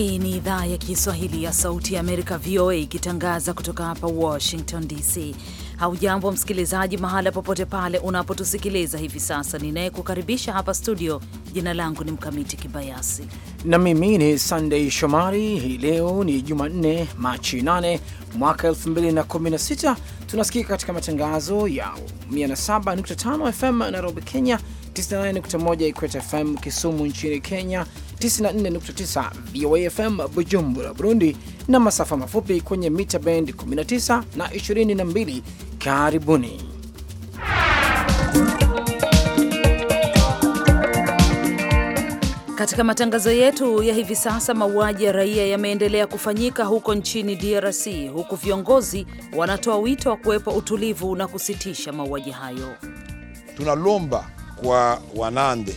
Hii ni idhaa ya Kiswahili ya Sauti ya Amerika, VOA, ikitangaza kutoka hapa Washington DC. Haujambo msikilizaji, mahala popote pale unapotusikiliza hivi sasa. Ninayekukaribisha hapa studio, jina langu ni Mkamiti Kibayasi na mimi ni Sandei Shomari. Hii leo ni Jumanne, Machi 8 mwaka 2016. Tunasikika katika matangazo ya 107.5 FM Nairobi, Kenya 98.1 Equator FM Kisumu nchini Kenya, 94.9 VOA FM Bujumbura Burundi, na masafa mafupi kwenye mita band 19 na 22. Karibuni katika matangazo yetu ya hivi sasa. Mauaji ya raia yameendelea kufanyika huko nchini DRC, huku viongozi wanatoa wito wa kuwepo utulivu na kusitisha mauaji hayo. tunalomba kwa Wanande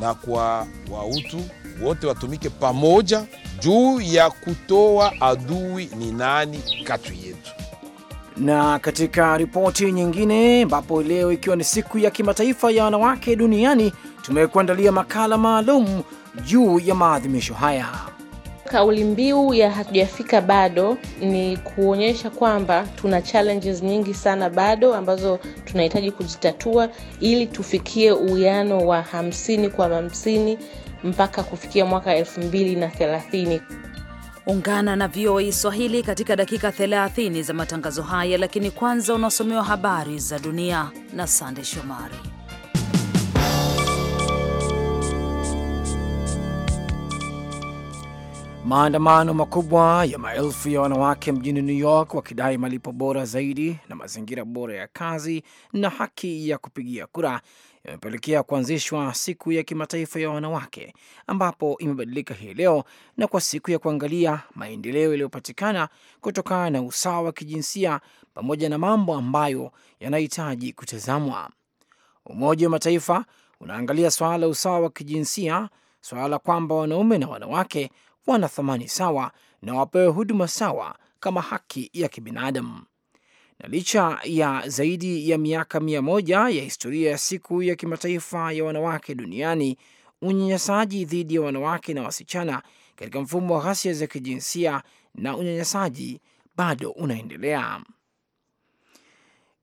na kwa wautu wote watumike pamoja juu ya kutoa adui ni nani kati yetu. Na katika ripoti nyingine, ambapo leo ikiwa ni siku ya kimataifa ya wanawake duniani, tumekuandalia makala maalum juu ya maadhimisho haya kauli mbiu ya hatujafika bado ni kuonyesha kwamba tuna challenges nyingi sana bado ambazo tunahitaji kuzitatua ili tufikie uwiano wa hamsini kwa hamsini mpaka kufikia mwaka elfu mbili na thelathini. Ungana na VOA e Swahili katika dakika 30 za matangazo haya, lakini kwanza unasomewa habari za dunia na Sande Shomari. Maandamano makubwa ya maelfu ya wanawake mjini New York wakidai malipo bora zaidi na mazingira bora ya kazi na haki ya kupigia kura yamepelekea kuanzishwa siku ya kimataifa ya wanawake, ambapo imebadilika hii leo na kwa siku ya kuangalia maendeleo yaliyopatikana kutokana na usawa wa kijinsia pamoja na mambo ambayo yanahitaji kutazamwa. Umoja wa Mataifa unaangalia swala la usawa wa kijinsia, swala la kwamba wanaume na wanawake wana thamani sawa na wapewe huduma sawa kama haki ya kibinadamu. Na licha ya zaidi ya miaka mia moja ya historia ya siku ya kimataifa ya wanawake duniani, unyanyasaji dhidi ya wanawake na wasichana katika mfumo wa ghasia za kijinsia na unyanyasaji bado unaendelea.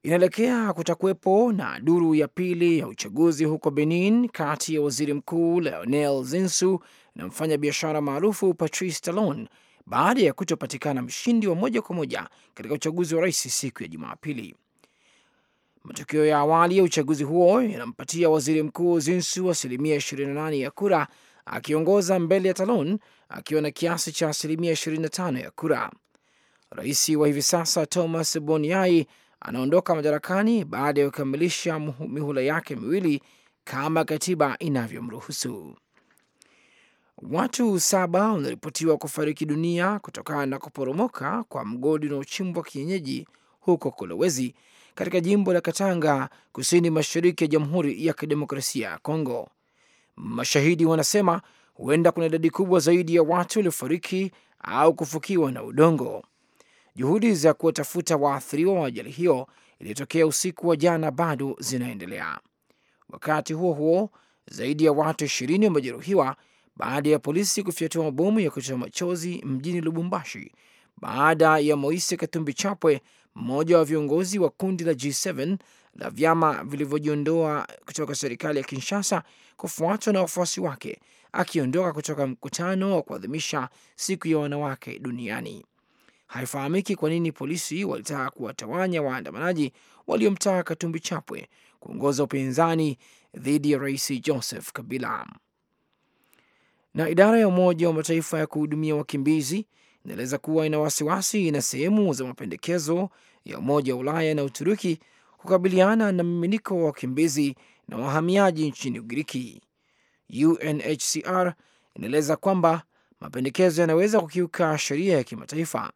Inaelekea kutakuwepo na duru ya pili ya uchaguzi huko Benin kati ya waziri mkuu Lionel Zinsou na mfanya biashara maarufu Patrice Talon baada ya kutopatikana mshindi wa moja kwa moja katika uchaguzi wa rais siku ya Jumapili. Matokeo ya awali ya uchaguzi huo yanampatia waziri mkuu Zinsu asilimia 28 ya kura, akiongoza mbele ya Talon akiwa na kiasi cha asilimia 25 ya kura. Rais wa hivi sasa Thomas Boniai anaondoka madarakani baada ya kukamilisha mihula yake miwili kama katiba inavyomruhusu. Watu saba wanaripotiwa kufariki dunia kutokana na kuporomoka kwa mgodi unaochimbwa kienyeji huko kolowezi katika jimbo la Katanga kusini mashariki ya Jamhuri ya Kidemokrasia ya Kongo. Mashahidi wanasema huenda kuna idadi kubwa zaidi ya watu waliofariki au kufukiwa na udongo. Juhudi za kuwatafuta waathiriwa wa ajali hiyo iliyotokea usiku wa jana bado zinaendelea. Wakati huo huo, zaidi ya watu ishirini wamejeruhiwa baada ya polisi kufyatua mabomu ya kutoa machozi mjini Lubumbashi baada ya Moise Katumbi Chapwe, mmoja wa viongozi wa kundi la G7 la vyama vilivyojiondoa kutoka serikali ya Kinshasa, kufuatwa na wafuasi wake akiondoka kutoka mkutano wa kuadhimisha siku ya wanawake duniani. Haifahamiki kwa nini polisi walitaka kuwatawanya waandamanaji waliomtaka Katumbi Chapwe kuongoza upinzani dhidi ya Rais Joseph Kabila. Na idara ya Umoja wa Mataifa ya kuhudumia wakimbizi inaeleza kuwa ina wasiwasi na sehemu za mapendekezo ya Umoja wa Ulaya na Uturuki kukabiliana na miminiko wa wakimbizi na wahamiaji nchini Ugiriki. UNHCR inaeleza kwamba mapendekezo yanaweza kukiuka sheria ya kimataifa.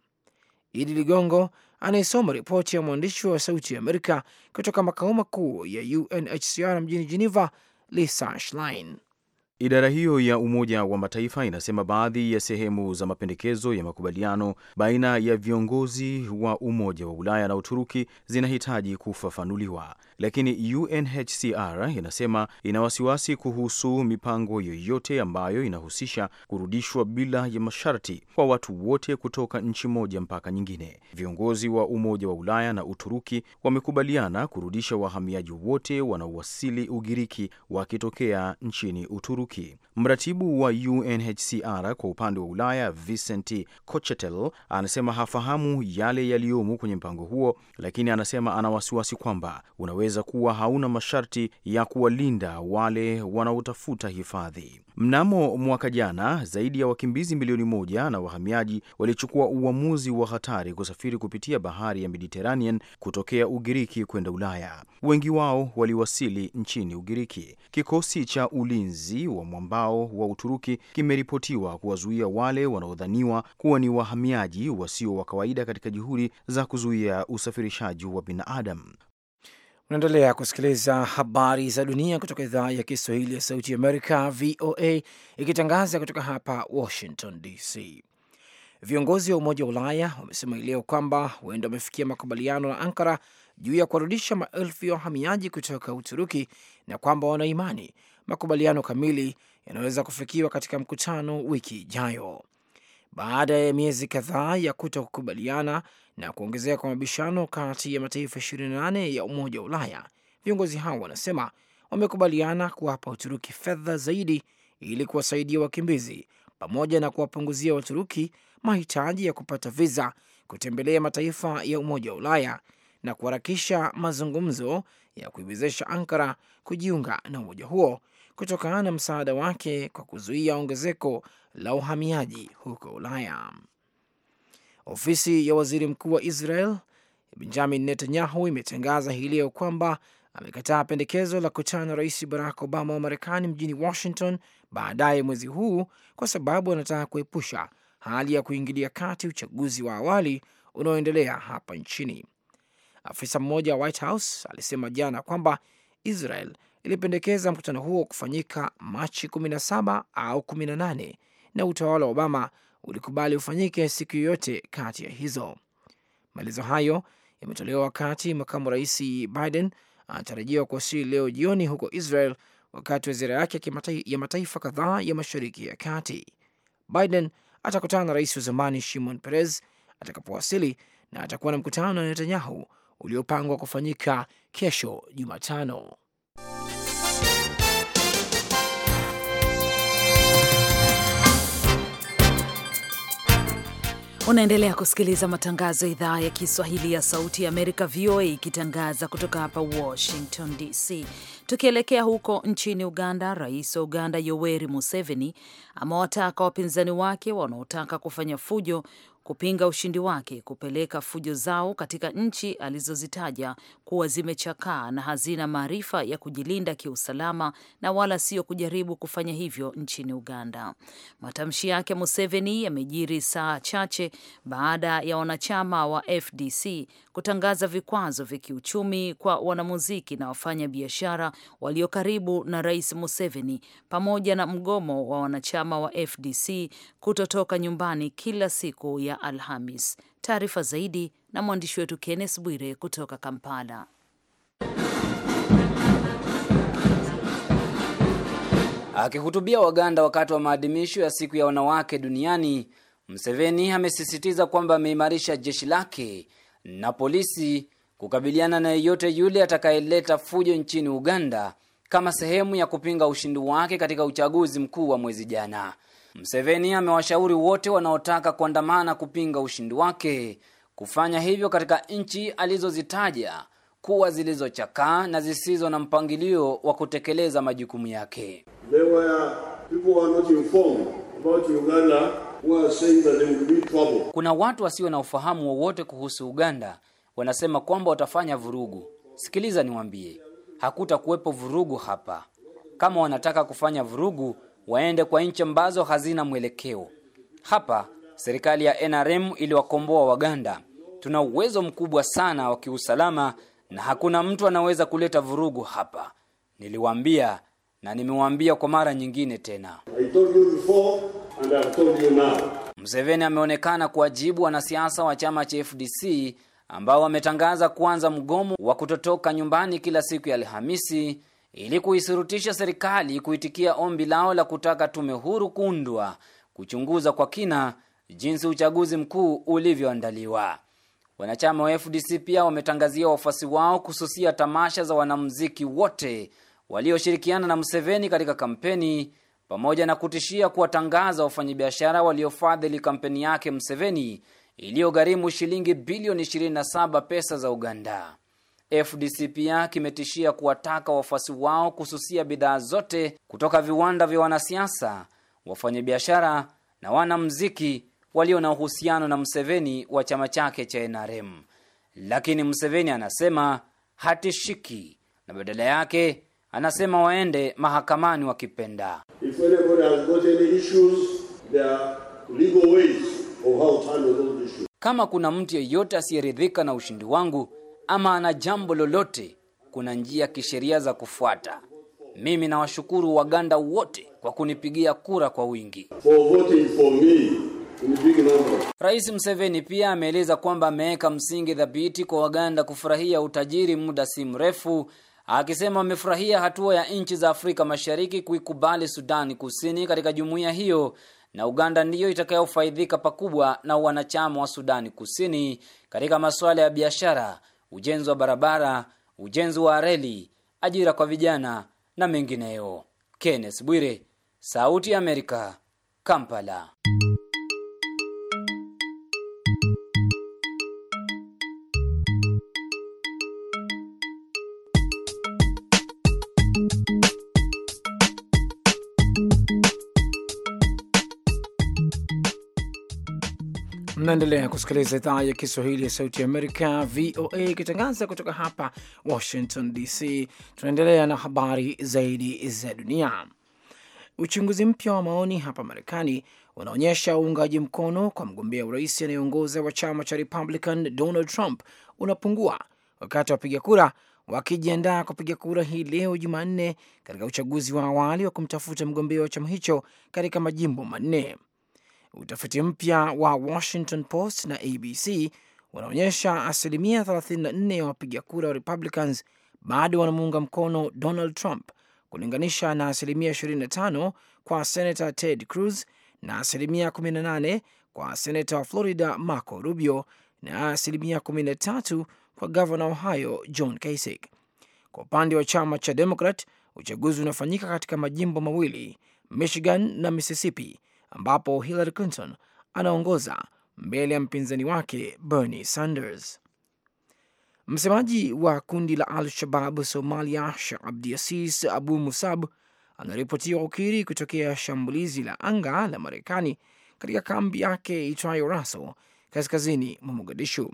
Idi Ligongo anayesoma ripoti ya mwandishi wa Sauti ya Amerika kutoka makao makuu ya UNHCR mjini Geneva, Lisa Schlein. Idara hiyo ya Umoja wa Mataifa inasema baadhi ya sehemu za mapendekezo ya makubaliano baina ya viongozi wa Umoja wa Ulaya na Uturuki zinahitaji kufafanuliwa, lakini UNHCR inasema ina wasiwasi kuhusu mipango yoyote ambayo inahusisha kurudishwa bila ya masharti kwa watu wote kutoka nchi moja mpaka nyingine. Viongozi wa Umoja wa Ulaya na Uturuki wamekubaliana kurudisha wahamiaji wote wanaowasili Ugiriki wakitokea nchini Uturuki Uturuki. Mratibu wa UNHCR kwa upande wa Ulaya, Vincent Cochetel, anasema hafahamu yale yaliyomo kwenye mpango huo, lakini anasema ana wasiwasi kwamba unaweza kuwa hauna masharti ya kuwalinda wale wanaotafuta hifadhi. Mnamo mwaka jana, zaidi ya wakimbizi milioni moja na wahamiaji walichukua uamuzi wa hatari kusafiri kupitia bahari ya Mediterranean kutokea Ugiriki kwenda Ulaya. Wengi wao waliwasili nchini Ugiriki. Kikosi cha ulinzi wa mwambao wa Uturuki kimeripotiwa kuwazuia wale wanaodhaniwa kuwa ni wahamiaji wasio wa kawaida katika juhudi za kuzuia usafirishaji wa binadamu. Unaendelea kusikiliza habari za dunia kutoka idhaa ya Kiswahili ya Sauti Amerika, VOA, ikitangaza kutoka hapa Washington DC. Viongozi wa Umoja wa Ulaya wamesema ileo leo kwamba huenda wamefikia makubaliano na Ankara juu ya kuwarudisha maelfu ya wahamiaji kutoka Uturuki na kwamba wanaimani makubaliano kamili yanaweza kufikiwa katika mkutano wiki ijayo. Baada ya miezi kadhaa ya kuto kukubaliana na kuongezeka kwa mabishano kati ya mataifa 28 ya Umoja wa Ulaya, viongozi hao wanasema wamekubaliana kuwapa Uturuki fedha zaidi ili kuwasaidia wakimbizi pamoja na kuwapunguzia Waturuki mahitaji ya kupata viza kutembelea mataifa ya Umoja wa Ulaya na kuharakisha mazungumzo ya kuiwezesha Ankara kujiunga na umoja huo kutokana na msaada wake kwa kuzuia ongezeko la uhamiaji huko Ulaya. Ofisi ya waziri mkuu wa Israel Benjamin Netanyahu imetangaza hii leo kwamba amekataa pendekezo la kutana na rais Barack Obama wa Marekani mjini Washington baadaye mwezi huu kwa sababu anataka kuepusha hali ya kuingilia kati uchaguzi wa awali unaoendelea hapa nchini. Afisa mmoja wa White House alisema jana kwamba Israel ilipendekeza mkutano huo kufanyika Machi 17 au 18 na utawala wa Obama ulikubali ufanyike siku yoyote kati ya hizo. Maelezo hayo yametolewa wakati makamu rais Biden anatarajiwa kuwasili leo jioni huko Israel wakati wa ziara yake ya mataifa kadhaa ya mashariki ya kati. Biden atakutana na rais wa zamani Shimon Peres atakapowasili na atakuwa na mkutano na Netanyahu uliopangwa kufanyika kesho Jumatano. Unaendelea kusikiliza matangazo ya idhaa ya Kiswahili ya Sauti ya Amerika, VOA, ikitangaza kutoka hapa Washington DC. Tukielekea huko nchini Uganda, rais wa Uganda Yoweri Museveni amewataka wapinzani wake wanaotaka kufanya fujo kupinga ushindi wake kupeleka fujo zao katika nchi alizozitaja kuwa zimechakaa na hazina maarifa ya kujilinda kiusalama na wala sio kujaribu kufanya hivyo nchini Uganda. Matamshi yake Museveni yamejiri saa chache baada ya wanachama wa FDC kutangaza vikwazo vya kiuchumi kwa wanamuziki na wafanya biashara walio karibu na Rais Museveni pamoja na mgomo wa wanachama wa FDC kutotoka nyumbani kila siku ya Alhamis. Taarifa zaidi na mwandishi wetu Kennes Bwire kutoka Kampala. Akihutubia Waganda wakati wa maadhimisho ya siku ya wanawake duniani, Mseveni amesisitiza kwamba ameimarisha jeshi lake na polisi kukabiliana na yeyote yule atakayeleta fujo nchini Uganda kama sehemu ya kupinga ushindi wake katika uchaguzi mkuu wa mwezi jana. Mseveni amewashauri wote wanaotaka kuandamana kupinga ushindi wake kufanya hivyo katika nchi alizozitaja kuwa zilizochakaa na zisizo na mpangilio wa kutekeleza majukumu yake. Kuna watu wasio na ufahamu wowote kuhusu Uganda, wanasema kwamba watafanya vurugu. Sikiliza niwaambie, hakutakuwepo vurugu hapa. Kama wanataka kufanya vurugu, waende kwa nchi ambazo hazina mwelekeo. Hapa serikali ya NRM iliwakomboa Waganda. Tuna uwezo mkubwa sana wa kiusalama na hakuna mtu anaweza kuleta vurugu hapa, niliwaambia na nimewaambia kwa mara nyingine tena. mseveni ameonekana kuwajibu wanasiasa wa chama cha FDC ambao wametangaza kuanza mgomo wa kutotoka nyumbani kila siku ya Alhamisi ili kuisurutisha serikali kuitikia ombi lao la kutaka tume huru kuundwa kuchunguza kwa kina jinsi uchaguzi mkuu ulivyoandaliwa. Wanachama wa FDC pia wametangazia wafuasi wao kususia tamasha za wanamuziki wote walioshirikiana na Museveni katika kampeni pamoja na kutishia kuwatangaza wafanyabiashara waliofadhili kampeni yake Museveni iliyogharimu shilingi bilioni 27 pesa za Uganda. FDCP kimetishia kuwataka wafuasi wao kususia bidhaa zote kutoka viwanda vya wanasiasa, wafanyabiashara na wanamuziki walio na uhusiano na Mseveni wa chama chake cha NRM. Lakini Mseveni anasema hatishiki na badala yake anasema waende mahakamani wakipenda. Kama kuna mtu yeyote asiyeridhika na ushindi wangu ama ana jambo lolote, kuna njia kisheria za kufuata. Mimi nawashukuru Waganda wote kwa kunipigia kura kwa wingi. Rais Museveni pia ameeleza kwamba ameweka msingi dhabiti kwa Waganda kufurahia utajiri muda si mrefu, akisema amefurahia hatua ya nchi za Afrika Mashariki kuikubali Sudani Kusini katika jumuiya hiyo na Uganda ndiyo itakayofaidhika pakubwa na wanachama wa Sudani Kusini katika masuala ya biashara ujenzi wa barabara, ujenzi wa reli, ajira kwa vijana na mengineyo. Kenneth Bwire, Sauti ya Amerika, Kampala. Mnaendelea kusikiliza idhaa ya Kiswahili ya Sauti Amerika, VOA, ikitangaza kutoka hapa Washington DC. Tunaendelea na habari zaidi za dunia. Uchunguzi mpya wa maoni hapa Marekani unaonyesha uungaji mkono kwa mgombea urais anayeongoza wa chama cha Republican Donald Trump unapungua wakati wapiga kura wakijiandaa kupiga kura hii leo Jumanne katika uchaguzi wa awali wa kumtafuta mgombea wa chama hicho katika majimbo manne. Utafiti mpya wa Washington Post na ABC unaonyesha asilimia 34 ya wapiga kura wa Republicans bado wanamuunga mkono Donald Trump kulinganisha na asilimia 25 kwa Senator Ted Cruz na asilimia 18 kwa Senator wa Florida Marco Rubio na asilimia 13 kwa Gavana Ohio John Kasich. Kwa upande wa chama cha Demokrat, uchaguzi unafanyika katika majimbo mawili Michigan na Mississippi ambapo Hillary Clinton anaongoza mbele ya mpinzani wake Bernie Sanders. Msemaji wa kundi la al shabab Somalia, Sheikh Abdiasis Abu Musab, anaripotiwa kukiri kutokea shambulizi la anga la Marekani katika kambi yake itwayo Raso kaskazini mwa Mogadishu,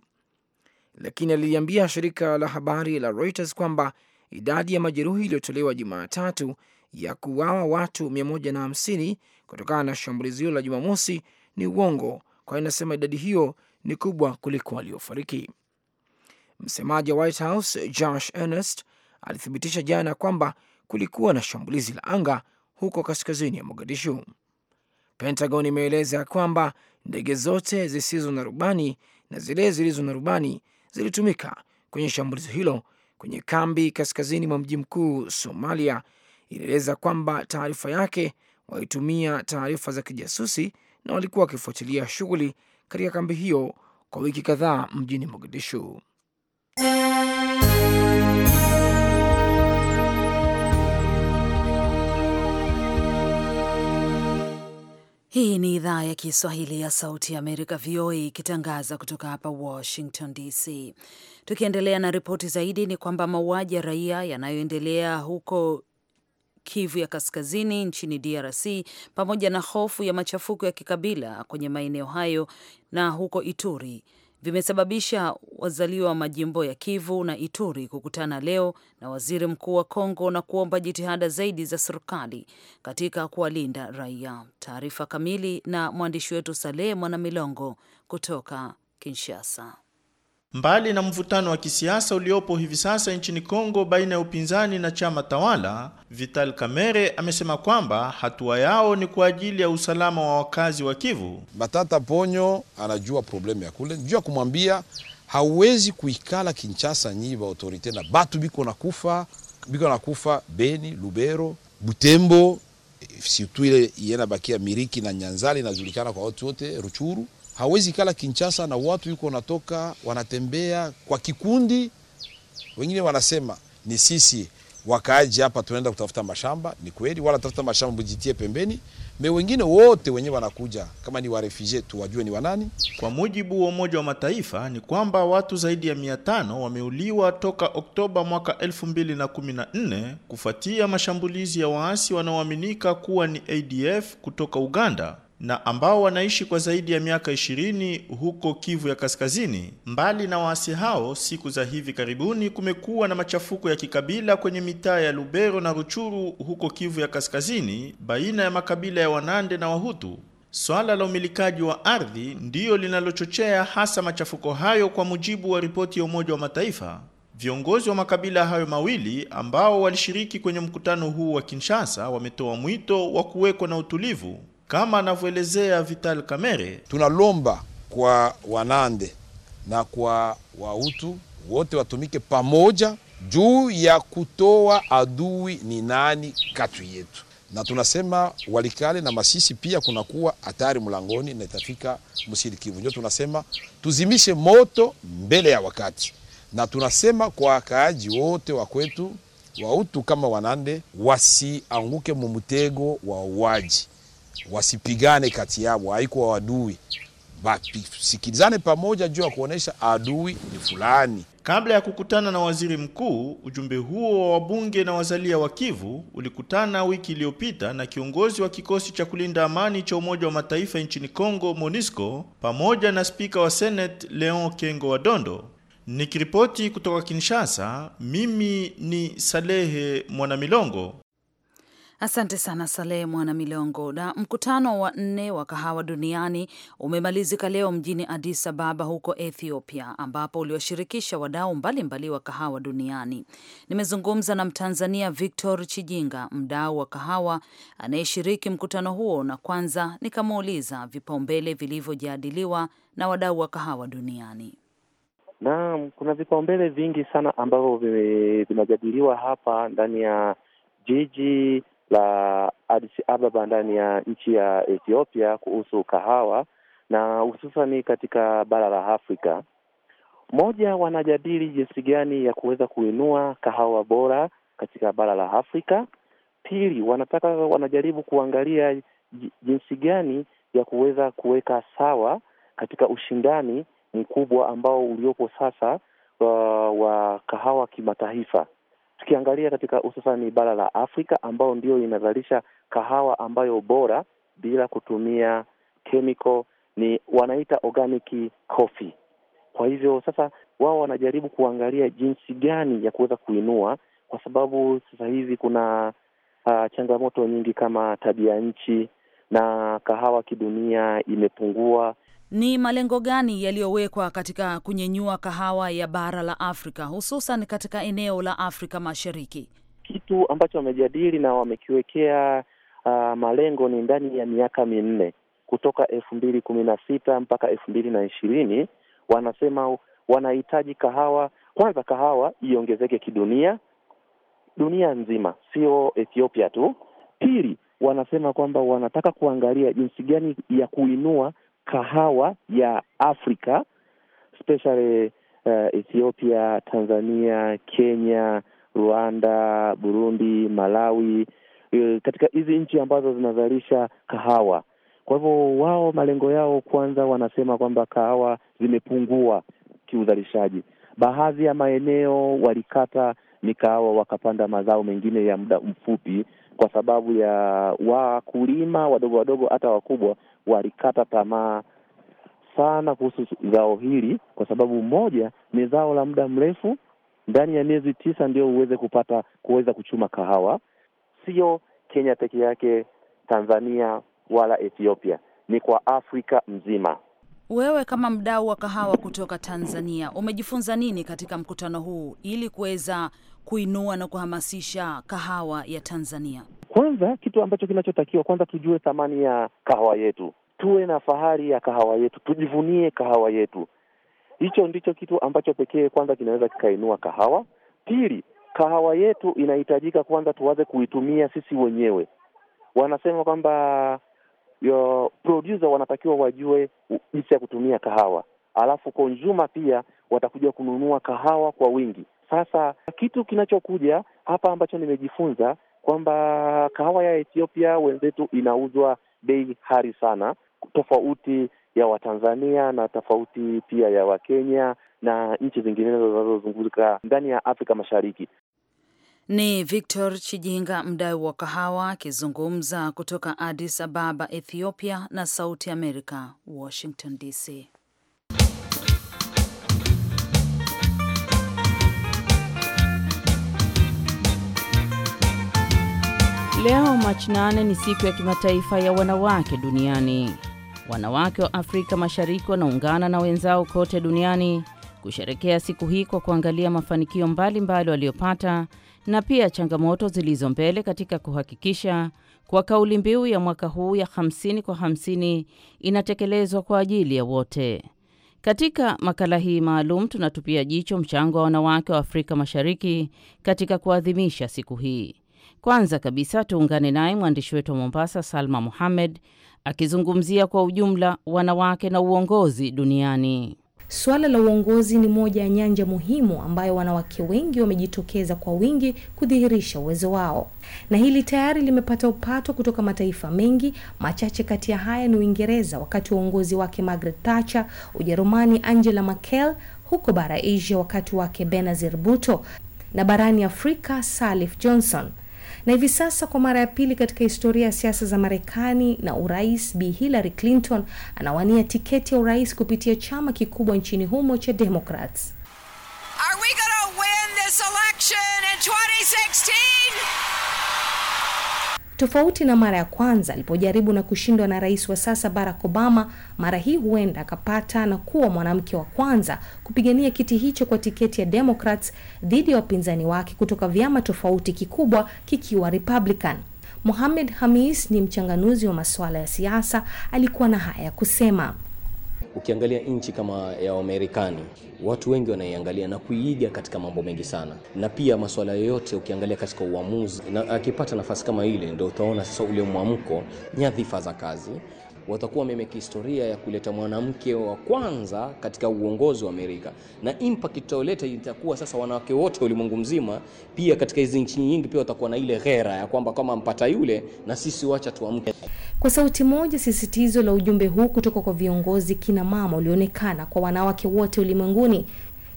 lakini aliliambia shirika la habari la Reuters kwamba idadi ya majeruhi iliyotolewa Jumatatu ya kuuawa watu 150 kutokana na shambulizi hilo la Jumamosi ni uongo, kwa inasema idadi hiyo ni kubwa kuliko waliofariki. Msemaji wa White House Josh Ernest alithibitisha jana kwamba kulikuwa na shambulizi la anga huko kaskazini ya Mogadishu. Pentagon imeeleza kwamba ndege zote zisizo na rubani na zile zilizo na rubani zilitumika kwenye shambulizi hilo kwenye kambi kaskazini mwa mji mkuu Somalia. Ilieleza kwamba taarifa yake walitumia taarifa za kijasusi na walikuwa wakifuatilia shughuli katika kambi hiyo kwa wiki kadhaa mjini Mogadishu. Hii ni idhaa ya Kiswahili ya Sauti ya Amerika, VOA, ikitangaza kutoka hapa Washington DC. Tukiendelea na ripoti zaidi, ni kwamba mauaji ya raia yanayoendelea huko Kivu ya Kaskazini nchini DRC pamoja na hofu ya machafuko ya kikabila kwenye maeneo hayo na huko Ituri vimesababisha wazaliwa wa majimbo ya Kivu na Ituri kukutana leo na waziri mkuu wa Kongo na kuomba jitihada zaidi za serikali katika kuwalinda raia. Taarifa kamili na mwandishi wetu Salehe Mwanamilongo kutoka Kinshasa. Mbali na mvutano wa kisiasa uliopo hivi sasa nchini Kongo baina ya upinzani na chama tawala, Vital Kamerhe amesema kwamba hatua yao ni kwa ajili ya usalama wa wakazi wa Kivu. Matata Ponyo anajua problemu ya kule, njua kumwambia hauwezi kuikala Kinshasa nyii ba autorite na batu biko kufa, biko kufa Beni, Lubero, Butembo, eh, situ ile iena bakia Miriki na Nyanzali inajulikana kwa watu wote Ruchuru hawezi kala Kinshasa na watu yuko natoka wanatembea kwa kikundi, wengine wanasema ni sisi wakaaji hapa tunaenda kutafuta mashamba. Ni kweli, wala tafuta mashamba mujitie pembeni, me wengine wote wenyewe wanakuja kama ni warefuje tuwajue ni wanani. Kwa mujibu wa Umoja wa Mataifa ni kwamba watu zaidi ya mia tano wameuliwa toka Oktoba mwaka 2014 kufuatia mashambulizi ya waasi wanaoaminika kuwa ni ADF kutoka Uganda na ambao wanaishi kwa zaidi ya miaka 20 huko Kivu ya Kaskazini. Mbali na waasi hao, siku za hivi karibuni kumekuwa na machafuko ya kikabila kwenye mitaa ya Lubero na Ruchuru huko Kivu ya Kaskazini baina ya makabila ya Wanande na Wahutu. Swala la umilikaji wa ardhi ndiyo linalochochea hasa machafuko hayo kwa mujibu wa ripoti ya Umoja wa Mataifa. Viongozi wa makabila hayo mawili ambao walishiriki kwenye mkutano huu wa Kinshasa wametoa mwito wa kuwekwa na utulivu kama anavyoelezea Vital Kamerhe, tunalomba kwa Wanande na kwa Wahutu wote watumike pamoja juu ya kutoa adui ni nani kati yetu, na tunasema Walikale na Masisi pia kunakuwa hatari mlangoni na itafika Musiri Kivu. Ndio tunasema tuzimishe moto mbele ya wakati, na tunasema kwa wakaaji wote wa kwetu Wahutu kama Wanande wasianguke mumtego wa uwaji wasipigane kati yao, haikuwa wadui, basikilizane pamoja juu ya kuonesha adui ni fulani. Kabla ya kukutana na waziri mkuu, ujumbe huo wa wabunge na wazalia wa Kivu ulikutana wiki iliyopita na kiongozi wa kikosi cha kulinda amani cha Umoja wa Mataifa nchini Kongo MONUSCO pamoja na spika wa Senate Leon Kengo Wadondo. Nikiripoti kutoka Kinshasa, mimi ni Salehe Mwanamilongo Asante sana Salehe Mwana Milongo. Na mkutano wa nne wa kahawa duniani umemalizika leo mjini Addis Ababa huko Ethiopia, ambapo uliwashirikisha wadau mbalimbali wa kahawa duniani. Nimezungumza na Mtanzania Victor Chijinga, mdau wa kahawa anayeshiriki mkutano huo, na kwanza nikamuuliza vipaumbele vilivyojadiliwa na wadau wa kahawa duniani. Naam, kuna vipaumbele vingi sana ambavyo vinajadiliwa hapa ndani ya jiji la Addis Ababa ndani ya nchi ya Ethiopia kuhusu kahawa na hususani katika bara la Afrika. Moja, wanajadili jinsi gani ya kuweza kuinua kahawa bora katika bara la Afrika. Pili, wanataka wanajaribu kuangalia jinsi gani ya kuweza kuweka sawa katika ushindani mkubwa ambao uliopo sasa wa, wa kahawa kimataifa tukiangalia katika hususani bara la Afrika ambao ndio inazalisha kahawa ambayo bora bila kutumia chemical, ni wanaita organic coffee. Kwa hivyo sasa, wao wanajaribu kuangalia jinsi gani ya kuweza kuinua, kwa sababu sasa hivi kuna uh, changamoto nyingi kama tabia nchi na kahawa kidunia imepungua. Ni malengo gani yaliyowekwa katika kunyenyua kahawa ya bara la Afrika hususan katika eneo la Afrika Mashariki? Kitu ambacho wamejadili na wamekiwekea uh, malengo ni ndani ya miaka minne kutoka elfu mbili kumi na sita mpaka elfu mbili na ishirini wanasema wanahitaji kahawa kwanza, kahawa iongezeke kidunia, dunia nzima, sio Ethiopia tu. Pili, wanasema kwamba wanataka kuangalia jinsi gani ya kuinua kahawa ya Afrika especially uh, Ethiopia, Tanzania, Kenya, Rwanda, Burundi, Malawi, uh, katika hizi nchi ambazo zinazalisha kahawa. Kwa hivyo wao malengo yao kwanza, wanasema kwamba kahawa zimepungua kiuzalishaji. Baadhi ya maeneo walikata mikahawa wakapanda mazao mengine ya muda mfupi, kwa sababu ya wakulima wadogo wadogo hata wakubwa walikata tamaa sana kuhusu zao hili, kwa sababu moja ni zao la muda mrefu, ndani ya miezi tisa ndio uweze kupata kuweza kuchuma kahawa. Sio Kenya peke yake, Tanzania wala Ethiopia, ni kwa Afrika mzima. Wewe kama mdau wa kahawa kutoka Tanzania umejifunza nini katika mkutano huu ili kuweza kuinua na kuhamasisha kahawa ya Tanzania? Kwanza kitu ambacho kinachotakiwa kwanza, tujue thamani ya kahawa yetu, tuwe na fahari ya kahawa yetu, tujivunie kahawa yetu. Hicho ndicho kitu ambacho pekee kwanza kinaweza kikainua kahawa. Pili, kahawa yetu inahitajika kwanza tuwaze kuitumia sisi wenyewe. Wanasema kwamba producer wanatakiwa wajue jinsi ya kutumia kahawa, alafu consumer pia watakuja kununua kahawa kwa wingi. Sasa kitu kinachokuja hapa ambacho nimejifunza kwamba kahawa ya Ethiopia wenzetu inauzwa bei hari sana, tofauti ya Watanzania na tofauti pia ya Wakenya na nchi zinginezo zinazozunguka ndani ya Afrika Mashariki. Ni Victor Chijinga, mdau wa kahawa, akizungumza kutoka Addis Ababa, Ethiopia, na Sauti Amerika, Washington DC. Leo Machi 8 ni siku ya kimataifa ya wanawake duniani. Wanawake wa Afrika Mashariki wanaungana na wenzao kote duniani kusherekea siku hii kwa kuangalia mafanikio mbalimbali waliyopata na pia changamoto zilizo mbele katika kuhakikisha kwa kauli mbiu ya mwaka huu ya 50 kwa 50 inatekelezwa kwa ajili ya wote. Katika makala hii maalum tunatupia jicho mchango wa wanawake wa Afrika Mashariki katika kuadhimisha siku hii. Kwanza kabisa tuungane naye mwandishi wetu wa Mombasa, Salma muhammed akizungumzia kwa ujumla wanawake na uongozi duniani. Suala la uongozi ni moja ya nyanja muhimu ambayo wanawake wengi wamejitokeza kwa wingi kudhihirisha uwezo wao, na hili tayari limepata upato kutoka mataifa mengi. Machache kati ya haya ni Uingereza wakati wa uongozi wake Margaret Thatcher, Ujerumani Angela Merkel, huko bara Asia wakati wake Benazir Bhutto, na barani Afrika Salif Johnson. Na hivi sasa kwa mara ya pili katika historia ya siasa za Marekani na urais, b Hillary Clinton anawania tiketi ya urais kupitia chama kikubwa nchini humo cha Democrats. Are we gonna win this election in 2016? Tofauti na mara ya kwanza alipojaribu na kushindwa na rais wa sasa Barack Obama, mara hii huenda akapata na kuwa mwanamke wa kwanza kupigania kiti hicho kwa tiketi ya Democrats dhidi ya wapinzani wake kutoka vyama tofauti, kikubwa kikiwa Republican. Mohamed Hamis ni mchanganuzi wa masuala ya siasa, alikuwa na haya ya kusema. Ukiangalia nchi kama ya Wamarekani, watu wengi wanaiangalia na kuiiga katika mambo mengi sana, na pia masuala yoyote ukiangalia katika uamuzi na, akipata nafasi kama ile, ndio utaona sasa ule mwamko nyadhifa za kazi watakuwa wamemeki historia ya kuleta mwanamke wa kwanza katika uongozi wa Amerika, na impact itaoleta itakuwa sasa wanawake wote ulimwengu mzima. Pia katika hizi nchi nyingi pia watakuwa na ile ghera ya kwamba kama mpata yule, na sisi wacha tuamke. Kwa sauti moja, sisitizo la ujumbe huu kutoka kwa viongozi kina mama ulionekana kwa wanawake wote ulimwenguni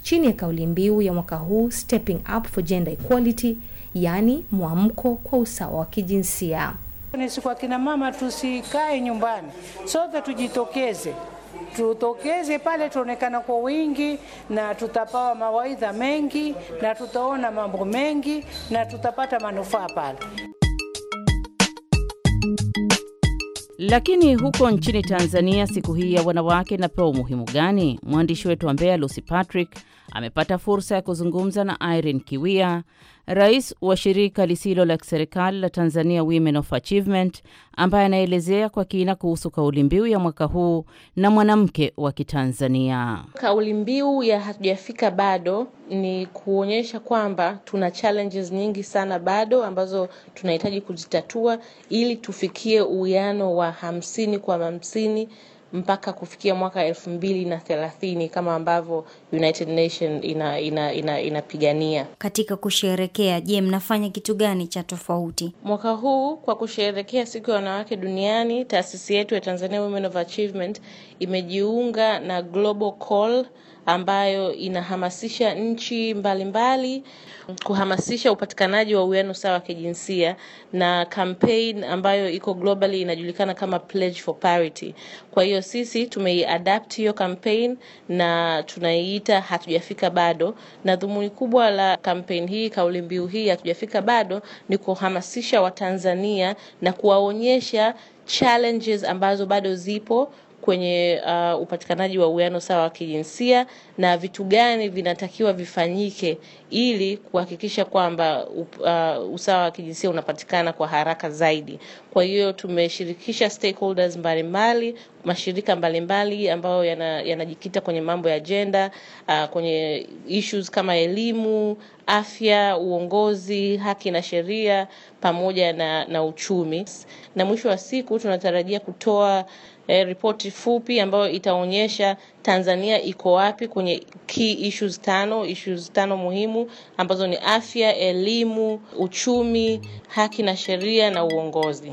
chini ya kauli mbiu ya mwaka huu Stepping Up for Gender Equality, yaani mwamko kwa usawa wa kijinsia. Ni siku akina mama, tusikae nyumbani, sote tujitokeze tutokeze pale, tuonekana kwa wingi, na tutapawa mawaidha mengi na tutaona mambo mengi na tutapata manufaa pale. Lakini huko nchini Tanzania, siku hii ya wanawake inapewa umuhimu gani? Mwandishi wetu wa Mbeya, Lucy Patrick, amepata fursa ya kuzungumza na Irene Kiwia, Rais wa shirika lisilo la kiserikali la Tanzania Women of Achievement ambaye anaelezea kwa kina kuhusu kauli mbiu ya mwaka huu na mwanamke wa Kitanzania. Kauli mbiu ya hatujafika bado ni kuonyesha kwamba tuna challenges nyingi sana bado ambazo tunahitaji kuzitatua ili tufikie uwiano wa hamsini kwa hamsini mpaka kufikia mwaka elfu mbili na thelathini kama ambavyo United Nations inapigania ina, ina, ina. Katika kusherekea, je, mnafanya kitu gani cha tofauti mwaka huu kwa kusherekea siku ya wanawake duniani? Taasisi yetu ya Tanzania Women of Achievement imejiunga na Global Call ambayo inahamasisha nchi mbalimbali kuhamasisha upatikanaji wa uwiano sawa wa kijinsia na campaign ambayo iko globally inajulikana kama Pledge for Parity. Kwa hiyo sisi tumeiadapt hiyo campaign na tunaiita hatujafika bado, na dhumuni kubwa la campaign hii, kauli mbiu hii hatujafika bado, ni kuhamasisha Watanzania na kuwaonyesha challenges ambazo bado zipo kwenye uh, upatikanaji wa uwiano sawa wa kijinsia na vitu gani vinatakiwa vifanyike ili kuhakikisha kwamba uh, usawa wa kijinsia unapatikana kwa haraka zaidi. Kwa hiyo tumeshirikisha stakeholders mbalimbali, mashirika mbalimbali ambayo yanajikita yana kwenye mambo ya jenda uh, kwenye issues kama elimu, afya, uongozi, haki na sheria pamoja na, na uchumi, na mwisho wa siku tunatarajia kutoa eh, ripoti fupi ambayo itaonyesha Tanzania iko wapi kwenye key issues tano, issues tano muhimu ambazo ni afya, elimu, uchumi, haki na sheria na uongozi.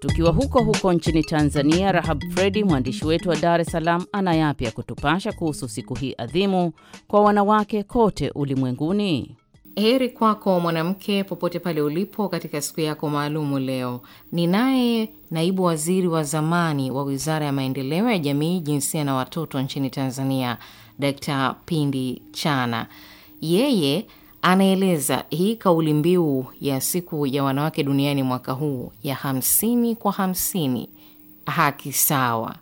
Tukiwa huko huko nchini Tanzania, Rahab Fredi, mwandishi wetu wa Dar es Salaam, ana ya kutupasha kuhusu siku hii adhimu kwa wanawake kote ulimwenguni? Heri kwako mwanamke, popote pale ulipo, katika siku yako maalumu leo. Ni naye naibu waziri wa zamani wa Wizara ya Maendeleo ya Jamii, Jinsia na Watoto nchini Tanzania, Dkt. Pindi Chana. Yeye anaeleza hii kauli mbiu ya siku ya wanawake duniani mwaka huu ya hamsini kwa hamsini, haki sawa,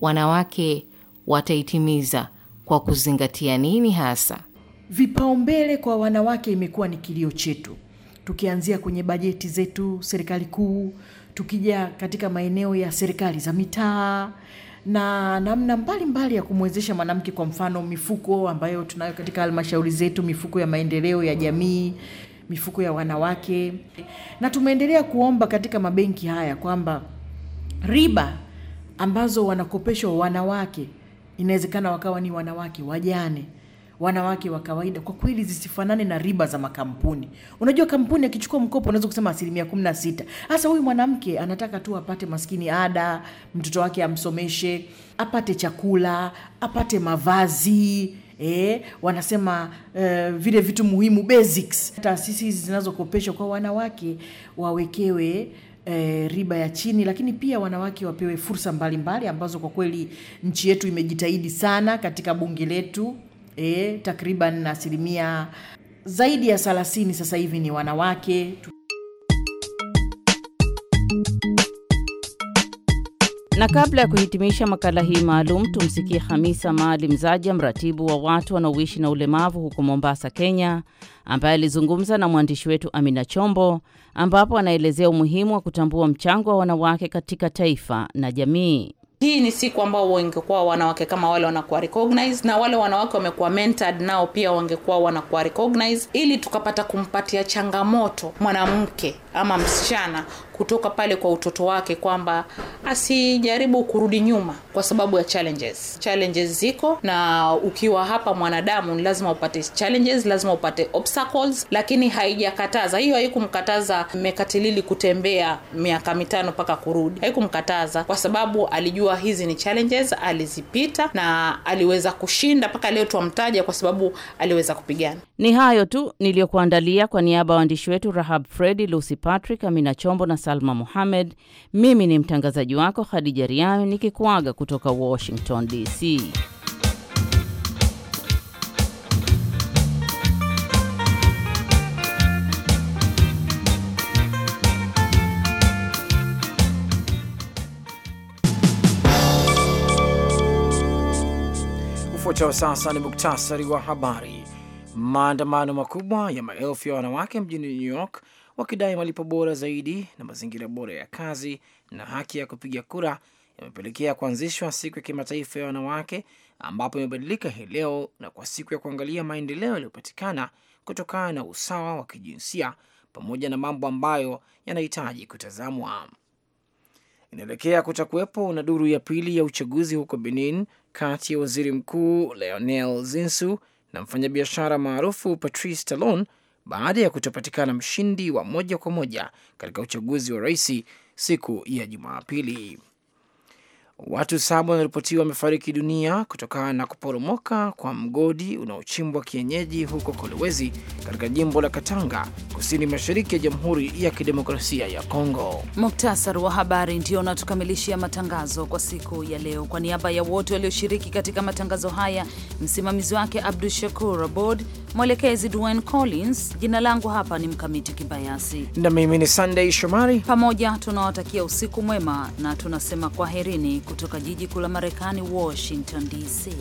wanawake wataitimiza kwa kuzingatia nini hasa? Vipaumbele kwa wanawake imekuwa ni kilio chetu, tukianzia kwenye bajeti zetu serikali kuu, tukija katika maeneo ya serikali za mitaa na namna mbalimbali ya kumwezesha mwanamke, kwa mfano mifuko ambayo tunayo katika halmashauri zetu, mifuko ya maendeleo ya jamii, mifuko ya wanawake, na tumeendelea kuomba katika mabenki haya kwamba riba ambazo wanakopeshwa wanawake, inawezekana wakawa ni wanawake wajane wanawake wa kawaida kwa kweli zisifanane na riba za makampuni. Unajua kampuni akichukua mkopo unaweza kusema asilimia kumi na sita. Hasa huyu mwanamke anataka tu apate maskini ada, mtoto wake amsomeshe, apate chakula, apate mavazi E, wanasema uh, vile vitu muhimu basics. Taasisi hizi zinazokopeshwa kwa wanawake wawekewe E, riba ya chini, lakini pia wanawake wapewe fursa mbalimbali mbali, ambazo kwa kweli nchi yetu imejitahidi sana katika bunge letu e, takriban na asilimia zaidi ya 30 sasa hivi ni wanawake. Na kabla ya kuhitimisha makala hii maalum, tumsikie Hamisa Maalim Zaja, mratibu wa watu wanaoishi na ulemavu huko Mombasa, Kenya, ambaye alizungumza na mwandishi wetu Amina Chombo, ambapo anaelezea umuhimu wa kutambua mchango wa wanawake katika taifa na jamii hii ni siku ambao wangekuwa wanawake kama wale wanakuwa recognize na wale wanawake wamekuwa mentored nao pia wangekuwa wanakuwa recognize ili tukapata kumpatia changamoto mwanamke ama msichana kutoka pale kwa utoto wake kwamba asijaribu kurudi nyuma kwa sababu ya challenges challenges ziko na ukiwa hapa mwanadamu lazima upate challenges lazima upate obstacles lakini haijakataza hiyo haikumkataza mekatilili kutembea miaka mitano mpaka kurudi haikumkataza kwa sababu alijua hizi ni challenges alizipita na aliweza kushinda mpaka leo twamtaja kwa sababu aliweza kupigana ni hayo tu niliyokuandalia kwa niaba ya waandishi wetu rahab fredi lucy patrick amina chombo na Salma Muhamed. Mimi ni mtangazaji wako Khadija Riami nikikuaga kutoka Washington DC. Ufuatao sasa ni muktasari wa habari. Maandamano makubwa ya maelfu ya wanawake mjini New York wakidai malipo bora zaidi na mazingira bora ya kazi na haki ya kupiga kura yamepelekea kuanzishwa siku ya kimataifa ya wanawake ambapo imebadilika hii leo na kwa siku ya kuangalia maendeleo yaliyopatikana kutokana na usawa wa kijinsia pamoja na mambo ambayo yanahitaji kutazamwa. Inaelekea kutakuwepo na duru ya pili ya uchaguzi huko Benin kati ya waziri mkuu Lionel Zinsou na mfanyabiashara maarufu Patrice Talon baada ya kutopatikana mshindi wa moja kwa moja katika uchaguzi wa rais siku ya Jumapili. Watu saba wanaripotiwa wamefariki dunia kutokana na kuporomoka kwa mgodi unaochimbwa kienyeji huko Kolwezi katika jimbo la Katanga, kusini mashariki ya Jamhuri ya Kidemokrasia ya Kongo. Muktasar wa habari ndio unatukamilishia matangazo kwa siku ya leo. Kwa niaba ya wote walioshiriki katika matangazo haya, msimamizi wake Abdu Shakur Abod, mwelekezi Dwayne Collins, jina langu hapa ni Mkamiti Kibayasi na mimi ni Sunday Shomari. Pamoja tunawatakia usiku mwema na tunasema kwaherini kutoka jiji kuu la Marekani, Washington DC.